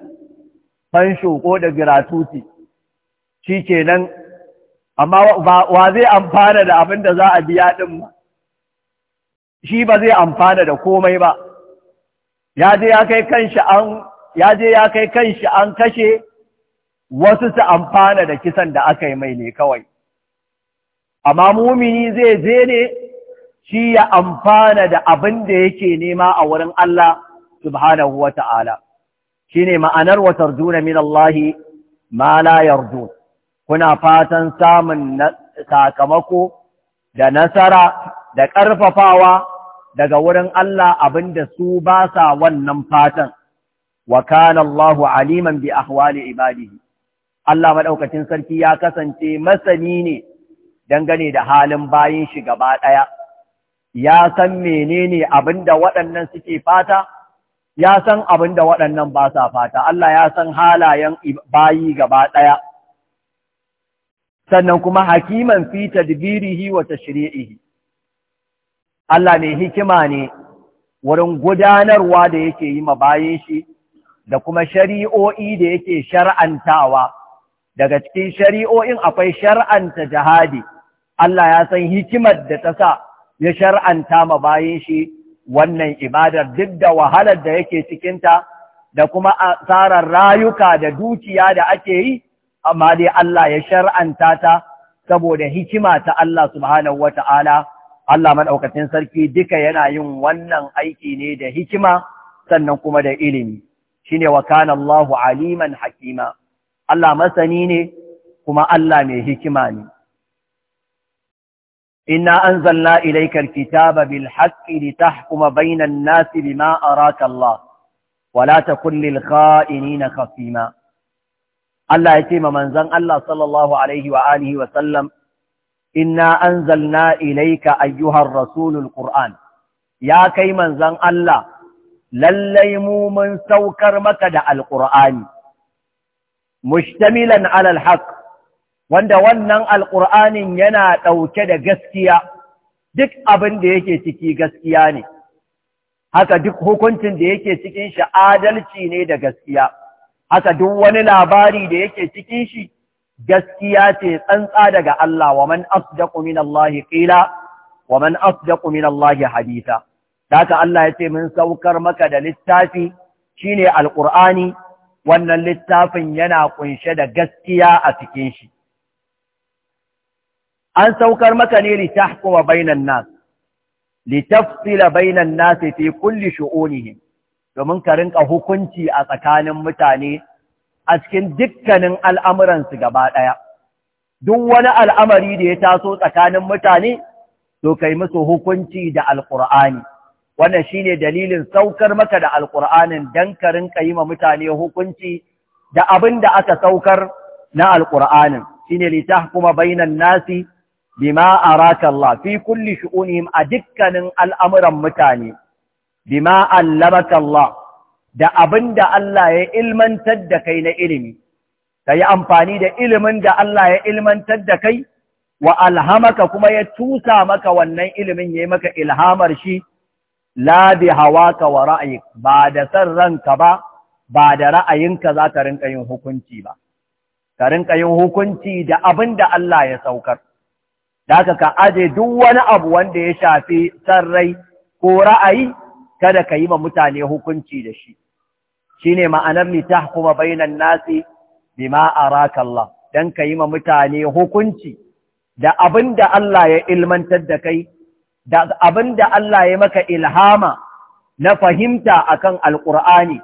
fansho ko da giratuti, shi kenan amma wa zai amfana da abin da za a biya ɗin ba shi ba zai amfana da komai ba ya je ya kai kanshi an kashe wasu su amfana da kisan da aka yi mai ne kawai amma mumini zai zai ne shi ya amfana da abin da yake nema a wurin Allah subhanahu wa ta'ala. Shi ne ma'anar wa tarjuna min Allah ma la yardun kuna fatan samun sakamako da nasara da ƙarfafawa daga wurin Allah abinda su ba sa wannan fatan wa kana Allahu aliman bi ahwali ibadihi Allah madaukakin sarki ya kasance masani ne dangane da halin bayin shi gaba ɗaya ya san menene abinda waɗannan suke fata ya san abinda waɗannan ba sa fata Allah ya san halayen bayi gaba ɗaya sannan kuma hakiman fi tadbirihi wa tashri'ihi Allah ne hikima ne wurin gudanarwa da yake yi bayan shi da kuma shari'o'i da yake shar'antawa daga cikin shari'o'in akwai shar'anta jihadi Allah ya san hikimar da ta sa ya shar'anta ma bayan shi wannan ibadar duk da wahalar da yake cikinta da kuma asarar rayuka da dukiya da ake yi amma dai Allah ya shar'anta ta saboda hikima ta Allah subhanahu wata'ala Allah madaukakin sarki duka yana yin wannan aiki ne da hikima sannan kuma da ilimi shine wa kana Allahu aliman hakima Allah masani ne kuma Allah mai hikima ne anzalna أنزلنا إليك الكتاب بالحق لتحكم بين الناس بما أراك الله ولا تكن للخائنين khafima Allah ya ce ma manzan Allah sallallahu alaihi wa alihi wa sallam inna anzalna ilaika ayyuhar rasulul qur'an ya kai manzon Allah lallai mu mun saukar maka da alqur'ani mushtamilan alal haqq wanda wannan alqur'anin yana ɗauke da gaskiya duk abin da yake ciki gaskiya ne haka duk hukuncin da yake cikin shi adalci ne da gaskiya haka duk wani labari da yake cikin shi gaskiya ce tsantsa daga Allah wa man asdaqu min Allah qila wa man asdaqu min Allah haditha haka Allah ya ce mun saukar maka da littafi shine alqur'ani wannan littafin yana kunshe da gaskiya a cikin shi an saukar maka ne litahkuma bainan nas litafsila bainan nas fi kulli shu'unihim domin ka rinka hukunci a tsakanin mutane a cikin dukkanin al'amuransu gaba ɗaya. Duk wani al'amari da ya taso tsakanin mutane, to kai musu hukunci da Alƙur'ani. Wannan shi ne dalilin saukar maka da Alƙur'anin don ka rinka yi ma mutane hukunci da abin da aka saukar na Alƙur'anin. Shi ne lita kuma bainan nasi bima a Allah fi kulli shu'unihim a dukkanin al'amuran mutane. bima allamaka Allah da abinda Allah ya ilmantar da kai na ilimi, ka yi amfani da ilimin da Allah ya ilmantar da kai, wa alhamaka kuma ya tusa maka wannan ilimin ya yi maka ilhamar shi, la bi hawaka wa ra'ayi, ba da san ranka ba, ba da ra'ayinka za ka rinka yin hukunci ba, ka rinka yin hukunci da abinda Allah ya saukar. Da ka aje duk wani abu wanda ya shafi san rai ko ra'ayi kada ka yi ma mutane hukunci da shi shine ma'anar kuma bainan nasi bima araka Allah dan ka yi ma mutane hukunci da abinda Allah ya ilmantar da kai da abinda Allah ya maka ilhama na fahimta akan alqur'ani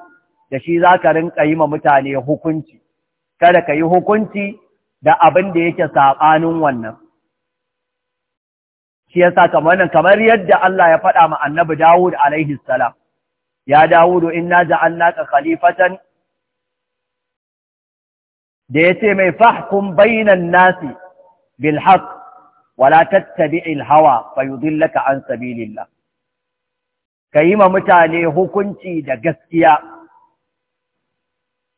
da shi zaka rinka yi ma mutane hukunci kada ka yi hukunci da abin da yake saɓanin wannan shi yasa kamar nan kamar yadda Allah ya faɗa ma annabi Dawud alaihi salam ya Dawud inna ja'alnaka khalifatan da yace mai fahkum bainan nasi bil haqq wala tattabi'il hawa fayudillaka an sabilillah kayi ma mutane hukunci da gaskiya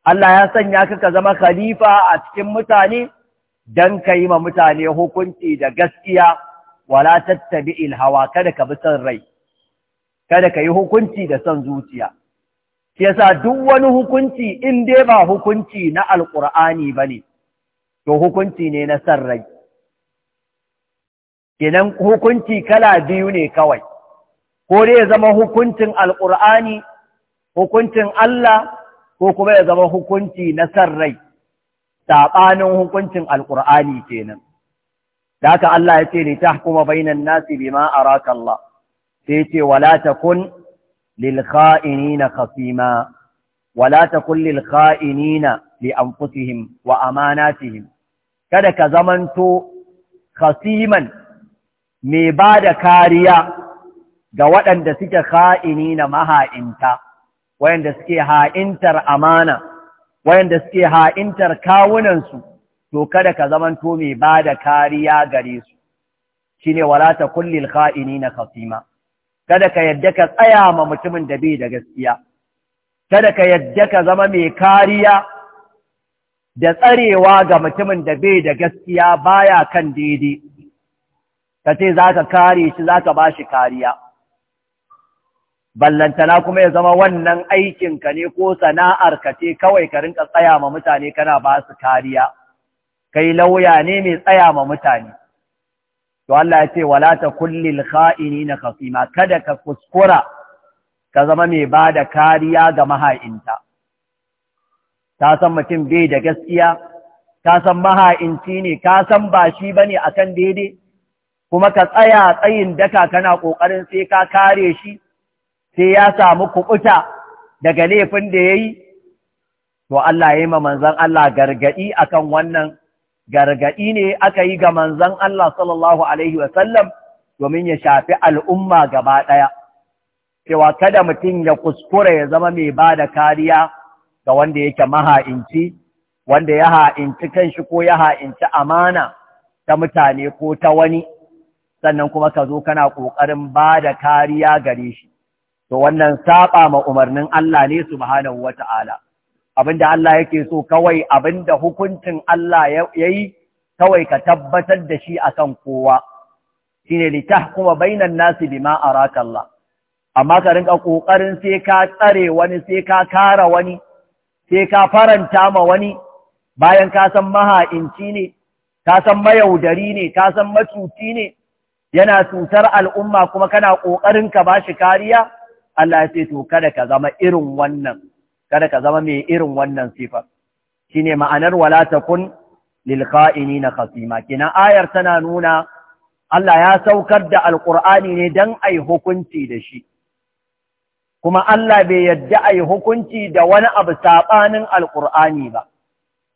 Allah ya sanya ka ka zama khalifa a cikin mutane dan kayi ma mutane hukunci da gaskiya wala tattabi'il hawa kada ka bi son rai kada ka yi hukunci da son zuciya shi yasa duk wani hukunci in dai ba hukunci na alqur'ani bane to hukunci ne na son rai kenan hukunci kala biyu ne kawai ko dai ya zama hukuncin alqur'ani hukuncin Allah ko kuma ya zama hukunci na san rai saɓanin hukuncin alqur'ani kenan da haka Allah ya ce li tahkuma bainan nasi bima araka Allah sai ce wala takun lil kha'inina khasima wala takun lil kha'inina li anfusihim wa amanatihim kada ka zamanto khasiman mai ba da kariya ga waɗanda suke na maha'inta wayanda suke ha'intar amana wayanda suke ha'intar kawunansu to kada ka zamanto mai ba da kariya gare su shine wala ta kullil na kasima. kada ka yadda ka tsaya ma mutumin da bai da gaskiya kada ka yadda ka zama mai kariya da tsarewa ga mutumin da bai da gaskiya baya kan daidai ka ce za ka kare shi za zaka bashi kariya ballantana kuma ya zama wannan aikinka ne ko sana'ar ka ce kawai ka rinka tsaya ma mutane kana ba su kariya kai lauya ne mai tsaya ma mutane to Allah ya ce wala ta kullil na kafima, kada ka kuskura ka zama mai ba da kariya ga maha'inta Ta san mutum bai da gaskiya Ta san maha'inci ne ka san ba shi ba ne a kan daidai kuma ka tsaya tsayin daka kana ƙoƙarin sai ka kare shi sai ya samu kuɓuta daga laifin da ya yi? to Allah ya yi ma manzan Allah gargadi akan wannan gargaɗi ne aka yi ga manzan Allah sallallahu Alaihi wasallam domin ya shafi al'umma gaba ɗaya, cewa kada mutum ya kuskura ya zama mai ba da kariya ga wanda yake maha'inci, wanda ya ha'inci kanshi ko ya ha'inci amana ta mutane ko ta wani, sannan kuma ka zo kana ƙoƙarin ba da kariya gare shi. To wannan saɓa ma umarnin Allah ne su wa ta'ala. abinda Allah yake so kawai abinda hukuncin Allah ya yi kawai ka tabbatar da shi akan kowa shine li tahkuma bainan nasi bima araka Allah amma ka rinka kokarin sai ka tsare wani sai ka kara wani sai ka faranta ma wani bayan ka san maha'inci ne ka san mayaudari ne ka san macuci ne yana cutar al'umma kuma kana kokarin ka bashi kariya Allah ya ce to kada ka zama irin wannan kada ka zama mai irin wannan sifar shine ma'anar wala takun lil kha'inina khasima kina ayar tana nuna Allah ya saukar da alqur'ani ne dan ai hukunci da shi kuma Allah bai yadda ai hukunci da wani abu sabanin alqur'ani ba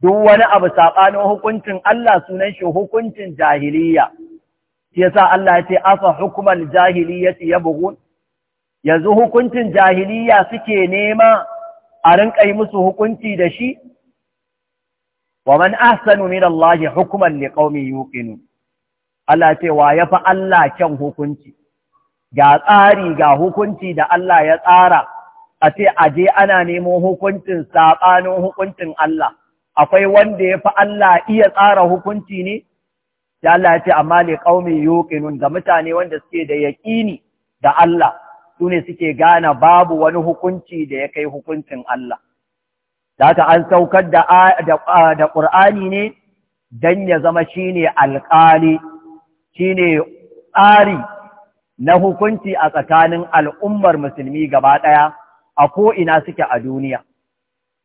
duk wani abu sabanin hukuncin Allah sunan shi hukuncin jahiliya shi yasa Allah ya ce afa hukmal ya yabghun yanzu hukuncin jahiliya suke nema a rinƙa yi musu hukunci da shi wa man ahsanu min Allah hukman liqaumin yuƙinu, Allah ce wa fi Allah kyan hukunci ga tsari ga hukunci da Allah ya tsara a ce aje ana nemo hukuncin saɓanin hukuncin Allah akwai wanda ya fi Allah iya tsara hukunci ne ya Allah ya ce amma liqaumin yuqinun ga mutane wanda suke da yaƙini da Allah su suke gane babu wani hukunci da ya kai hukuncin Allah. Da haka an saukar da ƙur'ani ne don ya zama shi ne alƙali, shi ne tsari na hukunci a tsakanin al'ummar musulmi gaba ɗaya a ko'ina suke a duniya.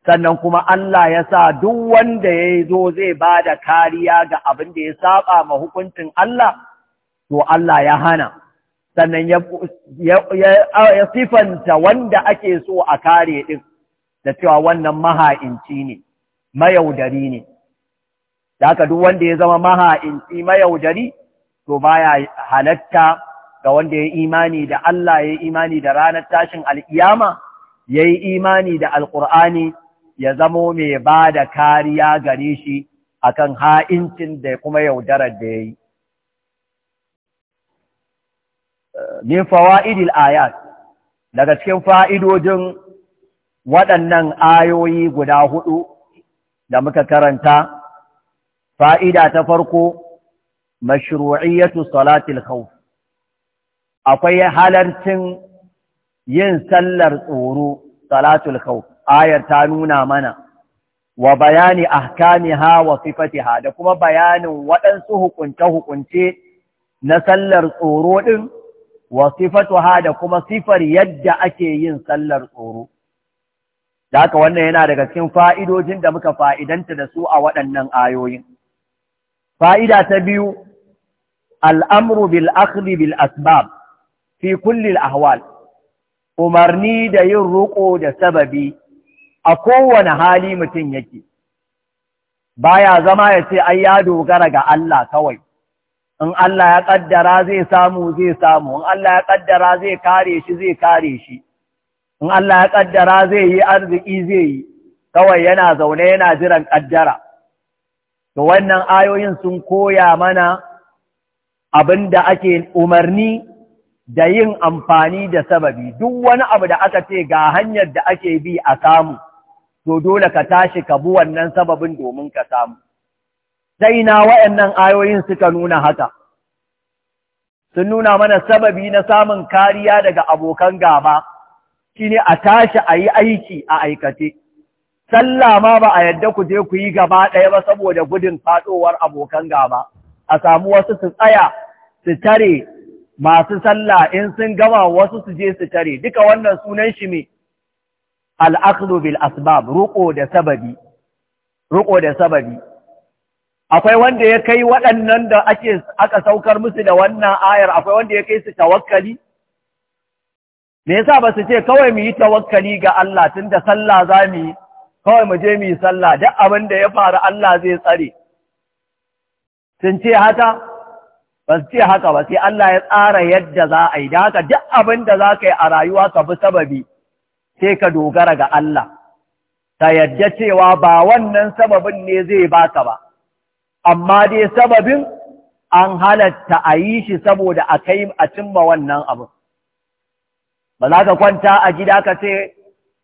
Sannan kuma Allah ya sa duk wanda ya zo zai ba da kariya ga abin da ya saba ma hukuncin Allah, to Allah ya hana. sannan ya sifanta wanda ake so a kare ɗin da cewa wannan maha'inci ne mayaudari ne da haka duk wanda ya zama maha'inci mayaudari to baya halatta ga wanda ya imani da Allah ya imani da ranar tashin al'iyama ya yi imani da alƙur'ani ya zamo mai ba da kariya gare shi akan ha'incin da kuma yaudarar da ya yi min fawaidil ayat daga cikin fa'idojin waɗannan ayoyi guda hudu da muka karanta fa'ida ta farko mashru'iyyatu salatil khawf akwai halarcin yin sallar tsoro salatul khawf ayar ta nuna mana wa bayani ahkamiha wa sifatiha da kuma bayanin waɗansu hukunce-hukunce na sallar tsoro ɗin wa sifatuha da kuma sifar yadda ake yin sallar tsoro da haka wannan yana daga cikin fa'idojin da muka fa'idanta da su a waɗannan ayoyin fa'ida ta biyu al'amru bil akhdi bil asbab fi kulli ahwal umarni da yin roƙo da sababi a kowane hali mutum yake baya zama ya ce ai ya dogara ga Allah kawai in Allah ya kaddara zai samu zai samu in Allah ya kaddara zai kare shi zai kare shi in Allah ya kaddara zai yi arziki zai yi kawai yana zaune yana jiran kaddara to wannan ayoyin sun koya mana abin da ake umarni da yin amfani da sababi duk wani abu da aka ce ga hanyar da ake bi a samu to dole ka tashi ka bi wannan sababin domin ka samu daina waɗannan ayoyin suka nuna haka sun nuna mana sababi na samun kariya daga abokan gaba shine a tashi a yi aiki a aikace sallah ma ba a yadda ku je ku yi gaba ɗaya ba saboda gudun faɗowar abokan gaba a samu wasu su tsaya su tare masu sallah in sun gama wasu su je su tare duka wannan sunan shi ne. al'akhdhu bil asbab ruko da sababi akwai wanda ya kai waɗannan da ake aka saukar musu da wannan ayar akwai wanda ya kai su tawakkali me yasa ba su ce kawai mu yi tawakkali ga Allah tunda sallah za mu yi kawai mu je mu yi sallah duk abin da ya faru Allah zai tsare sun ce haka ba su ce haka ba sai Allah ya tsara yadda za a yi da haka duk abin da za ka yi a rayuwa ka bi sababi sai ka dogara ga Allah ta yadda cewa ba wannan sababin ne zai baka ba amma dai sababin an halatta a yi shi saboda a kai a cimma wannan abin ba za ka kwanta a gida ka ce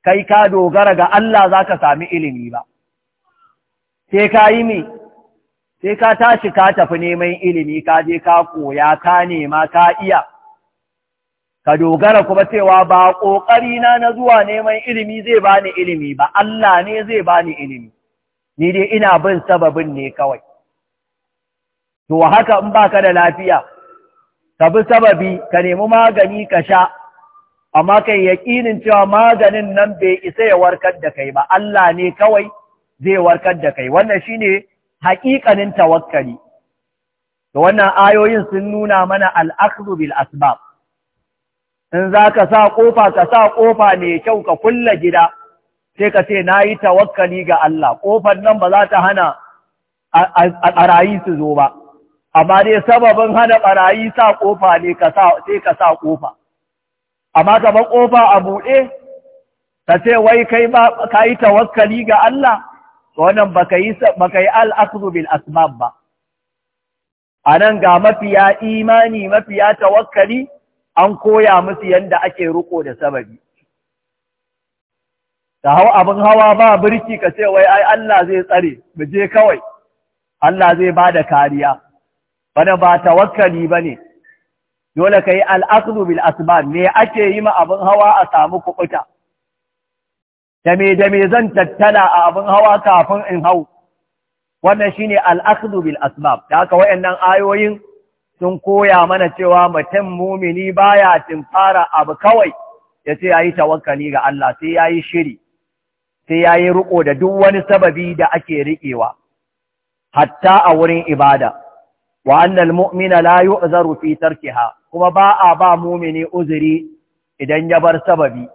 kai ka dogara ga Allah za ka sami ilimi ba sai ka yi mi sai ka tashi ka tafi neman ilimi ka je ka koya ka nema ka iya ka dogara kuma cewa ba ƙoƙarina na zuwa neman ilimi zai bani ilimi ba Allah ne zai bani ilimi ni dai ina bin sababin ne kawai to haka in baka da lafiya ka bi sababi ka nemi magani ka sha amma kai yaƙinin cewa maganin nan bai isa ya warkar da kai ba Allah ne kawai zai warkar da kai wannan shine haƙiƙanin tawakkali to wannan ayoyin sun nuna mana al-akhdhu bil asbab in zaka sa kofa ka sa kofa mai kyau ka kulla gida sai ka ce yi tawakkali ga Allah Ƙofar nan ba za ta hana a rayi su zo ba amma dai sababin hana barayi sa kofa ne sai ka sa kofa amma ka kofa a buɗe ka ce wai kai ba ka yi tawakkali ga Allah wannan ba ka yi al bil asbab ba anan ga mafiya imani mafiya tawakkali an koya musu yadda ake ruko da sababi ta hau abin hawa ba birki ka ce wai ai Allah zai tsare mu je kawai Allah zai ba da kariya wanda ba tawakkali ba ne dole ka yi al'asudu bil asbab me ake yi ma abin hawa a samu kuɓuta da me da me zan tattala a abin hawa kafin in hau wannan shine al'asudu bil asbab da haka wayannan ayoyin sun koya mana cewa mutum mumini baya fara abu kawai ya ce ya yi tawakkali ga Allah sai ya yi shiri sai ya yi riko da duk wani sababi da ake riƙewa hatta a wurin ibada wa annal mu'mina la yu'zaru fi tarkiha kuma ba a ba mumini uzuri idan ya bar sababi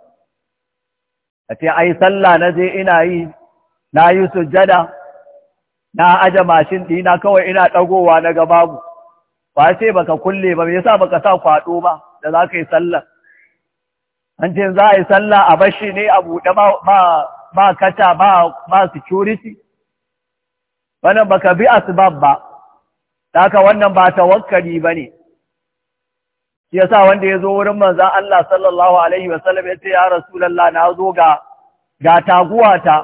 a ai sallah na je ina yi na yi sujjada na aje mashin dina kawai ina dagowa na ga babu ba ce baka kulle ba me yasa baka sa kwado ba da za ka yi sallah an ce za a yi sallah a bashi ne a buɗe ba kata ba security wannan baka bi asbab ba haka wannan ba tawakkali ba ne shi sa wanda ya zo wurin manzan Allah sallallahu alaihi wasallam ya ce ya rasulallah na zo ga ga taguwata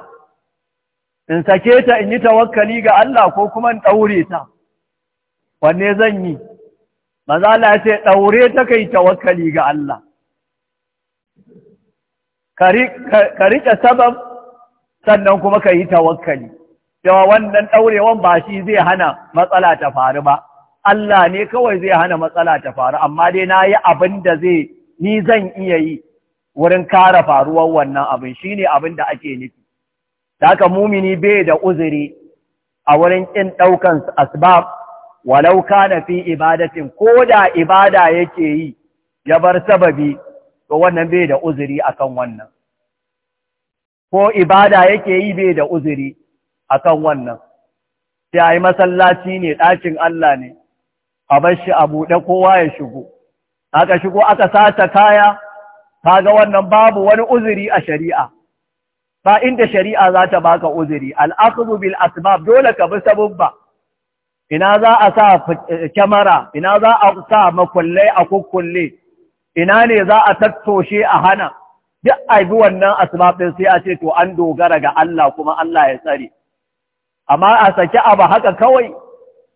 in sake ta in yi tawakkali ga Allah ko kuma in ɗaure ta wanne zan yi maza Allah ya ce ɗaure ta kai tawakkali ga Allah ka riƙe sabab sannan kuma ka yi tawakkali cewa wannan ɗaurewan ba shi zai hana matsala ta faru ba Allah ne kawai zai hana matsala ta faru amma dai na yi abin da zai ni zan iya yi wurin kare faruwar wannan abin shi ne abin da ake nufi haka mumini bai da uzuri a wurin ƙin ɗaukan asbab walau na fi ibadatin ko da ibada yake yi ya bar sababi to wannan bai da uzuri akan wannan ko ibada yake yi bai da uzuri akan wannan sai ai masallaci ne ɗakin Allah ne a bar shi a buɗe kowa ya shigo aka shigo aka sata kaya kaga wannan babu wani uzuri a shari'a ba inda shari'a za ta baka uzuri al'akhdhu bil asbab dole ka bi ba. ina za a sa kyamara ina za a sa makullai a kukkulle ina ne za a tattoshe a hana duk a bi wannan asbab ɗin sai a ce to an dogara ga Allah kuma Allah ya tsare amma a saki abu haka kawai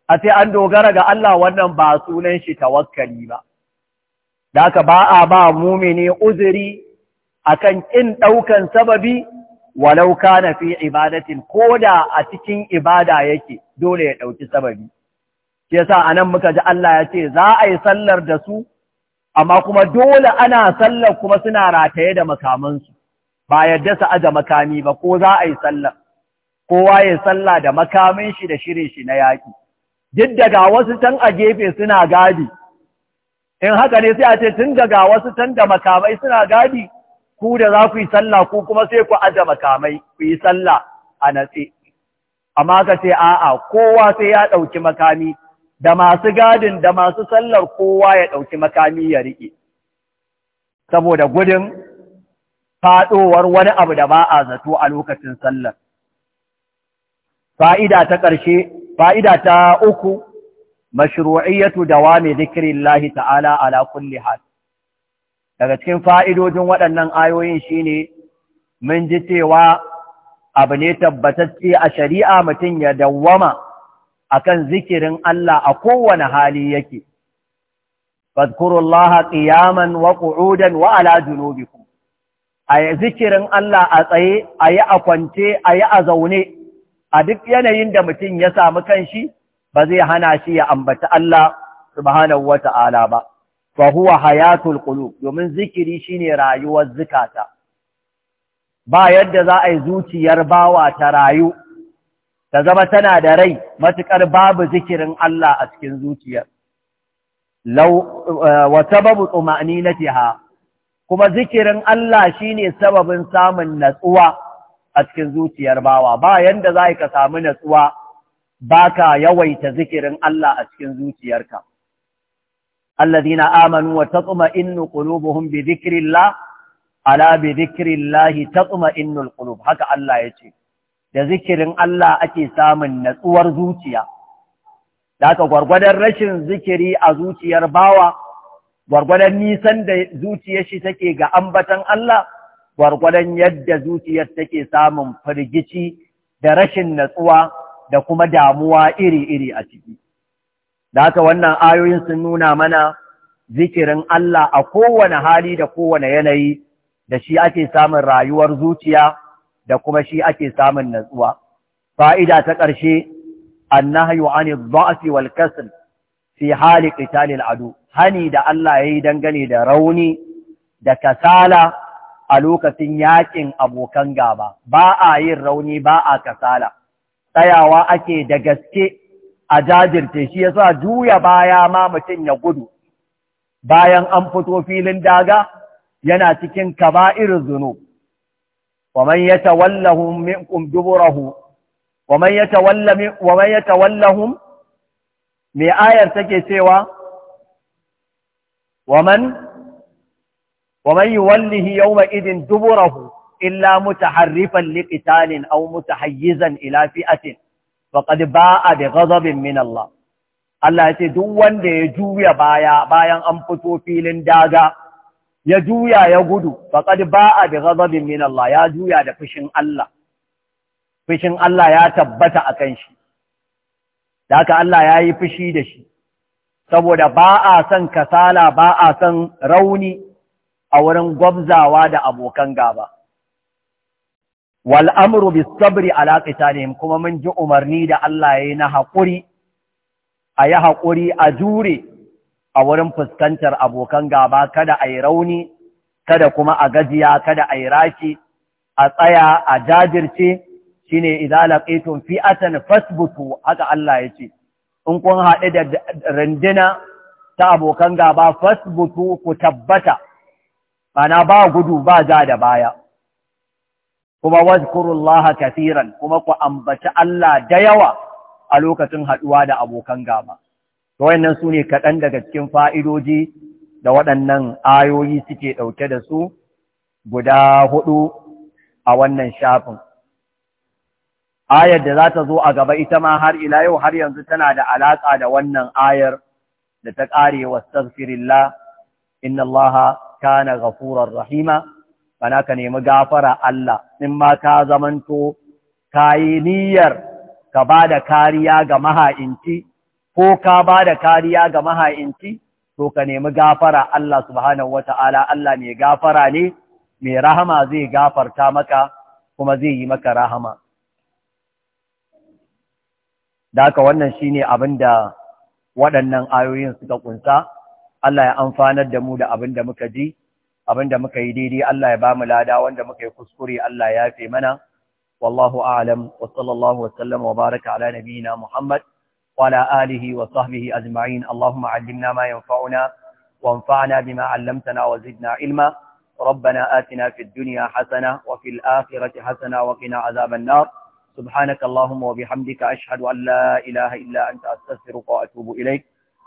a sai an dogara ga Allah wannan ba sunan shi tawakkali ba da aka ba a ba mumini uzuri akan kin ɗaukan sababi walau kana fi ibadatin koda a cikin ibada yake dole ya ɗauki sababi shi yasa anan muka ji Allah ya ce za a yi sallar da su amma kuma dole ana sallar kuma suna rataye da makamansu ba yadda su aje makami ba ko za a yi sallar kowa ya salla da makamin shi da shirin shi na yaƙi duk daga wasu can a gefe suna gadi in haka ne sai a ce tun daga wasu can da makamai suna gadi ku da za ku yi sallah ku kuma sai ku aje makamai ku yi sallah a natse amma ka ce a'a kowa sai ya ɗauki makami da masu gadin da masu sallar kowa ya ɗauki makami ya riƙe saboda gudun faɗowar wani abu da ba a zato a lokacin sallar fa'ida ta ƙarshe fa'ida ta uku mashru'iyyatu dawami zikrillahi ta'ala ala kulli hal daga cikin fa'idodin waɗannan ayoyin shine mun ji cewa abu ne tabbatacce a shari'a mutum ya dawwama kan zikirin Allah a kowane hali yake fadkurullaha qiyaman wa wa'ala wa ala junubikum a zikirin Allah a tsaye a yi a kwance a yi a zaune a duk yanayin da mutum ya samu kan shi, ba zai hana shi ya ambaci Allah subhanahu wata'ala ba fa huwa hayatul qulub domin zikiri shine rayuwar zukata ba yadda za a yi zuciyar bawa ta rayu ta zama tana da rai matukar babu zikirin Allah a cikin zuciyar law eh, wa sababu tuma'ninatiha kuma zikirin Allah shine sababin samun natsuwa a cikin zuciyar bawa ba yanda za ka samu natsuwa ba ka yawaita zikirin Allah a cikin zuciyarka alladhina amanu wa tatma'innu qulubuhum bi dhikrillah ala bi dhikrillah tatma'innul qulub haka Allah ya ce. da zikirin Allah ake samun natsuwar zuciya da haka gwargwadon rashin zikiri a zuciyar bawa gwargwadon nisan da zuciyar shi take ga ambatan Allah gwargwadon yadda zuciyar take samun firgici da rashin natsuwa da kuma damuwa iri-iri a ciki. Da haka wannan ayoyin sun nuna mana zikirin Allah a kowane hali da kowane yanayi da shi ake samun rayuwar zuciya da kuma shi ake samun natsuwa. Fa'ida ta ƙarshe, annahyu ani dha'fi wal kasl fi hali qitalil adu hani da Allah yayi dangane da rauni da kasala a lokacin yakin abokan gaba, ba a yin rauni ba a kasala, tsayawa ake da gaske a jajirce shi yasa juya baya ma mutum ya gudu, bayan an fito filin daga yana cikin kaba'ir zunu, waman ya tawallahun minkum waman ya mai ayar take cewa, waman ومن يوله يومئذ دبره إلا متحرفا لقتال أو متحيزا إلى فئة فقد باء بغضب من الله Allah ya ce duk wanda ya juya baya bayan an fito filin daga ya juya ya gudu ba a bi ghadabin min Allah ya juya da fushin Allah fushin Allah ya tabbata a kan shi da haka Allah ya yi fushi da shi saboda ba a son kasala ba a son rauni a wurin gwabzawa da abokan gaba wal amru sabri ala ne, kuma mun ji umarni da Allah ya yi na haƙuri a yi haƙuri a jure a wurin fuskantar abokan gaba kada a yi rauni kada kuma a gajiya kada a yi rashi a tsaya a jajirce Shi shine idza fi fi'atan fasbutu haka Allah ya ce in kun haɗu da rindina ta abokan gaba fasbutu ku tabbata ana ba gudu ba ja da baya kuma wazkurullaha kathiran kuma ku ambaci Allah da yawa a lokacin haɗuwa da abokan gaba to wayannan sune kaɗan daga cikin fa'idoji da waɗannan ayoyi suke ɗauke da su guda hudu a wannan shafin ayar da za ta zo a gaba ita ma har ila yau har yanzu tana da alaƙa da wannan ayar da ta ƙare wastaghfirillah inna allaha kana ghafurar rahima bana ka nemi gafara Allah in ma ka zamanto kayi niyyar ka bada kariya ga maha'inci ko ka bada kariya ga maha'inci to ka nemi gafara Allah subhanahu wata'ala Allah mai gafara ne mai rahama zai gafarta maka kuma zai yi maka rahama da haka wannan shine abinda waɗannan ayoyin suka kunsa Allah ya amfanar da mu da abin da muka ji, abin muka yi daidai, Allah ya ba mu lada wanda muka yi kuskure, Allah ya fi mana. Wallahu a'lam wa sallallahu wa sallam wa baraka ala nabiyyina Muhammad wa ala alihi wa sahbihi ajma'in. Allahumma 'allimna ma yanfa'una wa anfa'na bima 'allamtana wa zidna ilma. Rabbana atina fid dunya Hassana, wa fil Hassana hasana wa qina adhaban nar. Subhanakallahumma wa bihamdika ashhadu an la ilaha illa anta astaghfiruka wa atubu ilai.